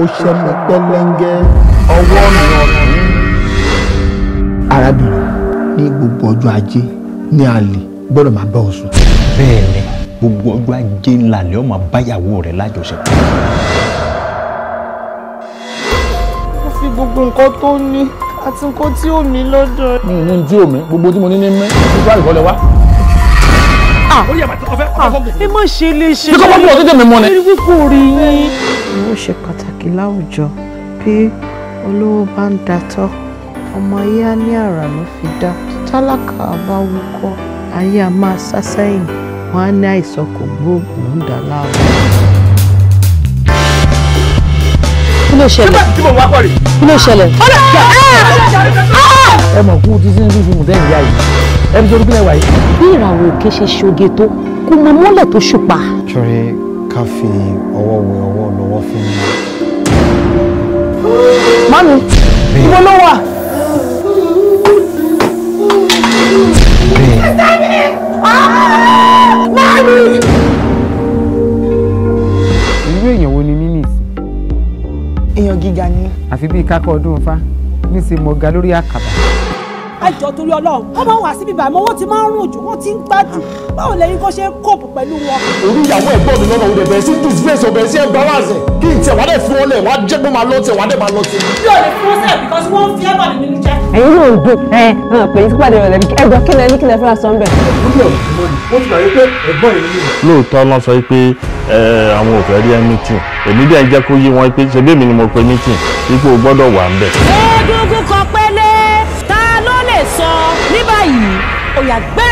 ó ṣẹ́ mi pẹ́lẹ́ńgẹ́ ọwọ́ mi ọ̀tún. arábìnrin ní gbogbo ọjọ́ ajé ní alẹ́ gbọ́dọ̀ máa bá ọ sùn. gbogbo ọjọ́ ajé ńlá lẹ́ ọ́ máa báyàwó rẹ̀ lájọṣepọ̀. fi gbogbo nǹkan tó ní àti nǹkan tí ò ní lọ́dọ̀. mi ò ní tí ò gbogbo tí mo ní ní mí nígbà ìkọlẹ̀ wá. Ah. Ah. ẹ má ṣe lè ṣe kí kọ́kọ́ bí ọtí tẹ̀mí mọ́ ni. ẹ kò rí yín. owó ṣe pàtàkì láwùjọ bí olówó bá ń datọ́ ọmọ ayé á ní àrà ló fi dá tálákà bá wúkọ́ ayé á máa sá wọn á ní àìsàn kò gbóògùn ló ń dà láàmú. kí ló ṣẹlẹ̀ kí ló ṣẹlẹ̀ ti sí ní fífi mùtẹ́ ìyá yìí ẹbí sọ dúpẹ́ wáyé. bí ìràwọ̀ òkè ṣe ṣoge tó kò mọ mọ́lẹ̀ tó ṣùpá. sori ká fi ọwọ́ wẹ ọwọ́ lọ́wọ́ fi ń mami ibo ló wà. irú èèyàn wo ni mí nìsí. èèyàn gíga ni. àfi bíi kákọ́ ọdún fa níṣẹ́ mo ga lórí àkàbà àjọ torí ọlọ́run wọ́n máa ń wá síbi bàmọ́ wọ́n ti máa ń rùn jù wọ́n ti ń gbádùn báwo lẹ́yìn kó ṣe ń kóòpù pẹ̀lú wọn. orí ìyàwó ẹ̀gbọ́n mi lọ́nà òde bẹ̀rẹ̀ sí disgrace ọ̀bẹ̀ sí ẹgbàá wà sẹ̀ kí n tẹ̀ wá dẹ̀ fún ọ lẹ̀ wá jẹ́ pé máa lọ tẹ̀ wá dẹ̀ máa lọ tẹ̀. yóò lè fún ọ́sẹ̀ because wọ́n fi ẹ̀bà mi nínú jẹ́. ẹ̀yin náà ń dùn ẹ pẹ̀lú sípò àdéhùn ẹ̀lẹ́bí ẹ̀gbọ́n kí lẹ́ni kí lẹ́ fẹ́ra sọ́ńbẹ̀. lóòótọ́ lọ sọ pé àwọn ò fẹ́ rí ẹ́ meeting èmi dẹ̀ ń jẹ́ kó yé wọn pé ṣebí èmi ni mo pe meeting ipò gbọ́dọ̀ wà ń bẹ̀. egungun kan pẹ́lẹ́ sọ ní báyìí ó yá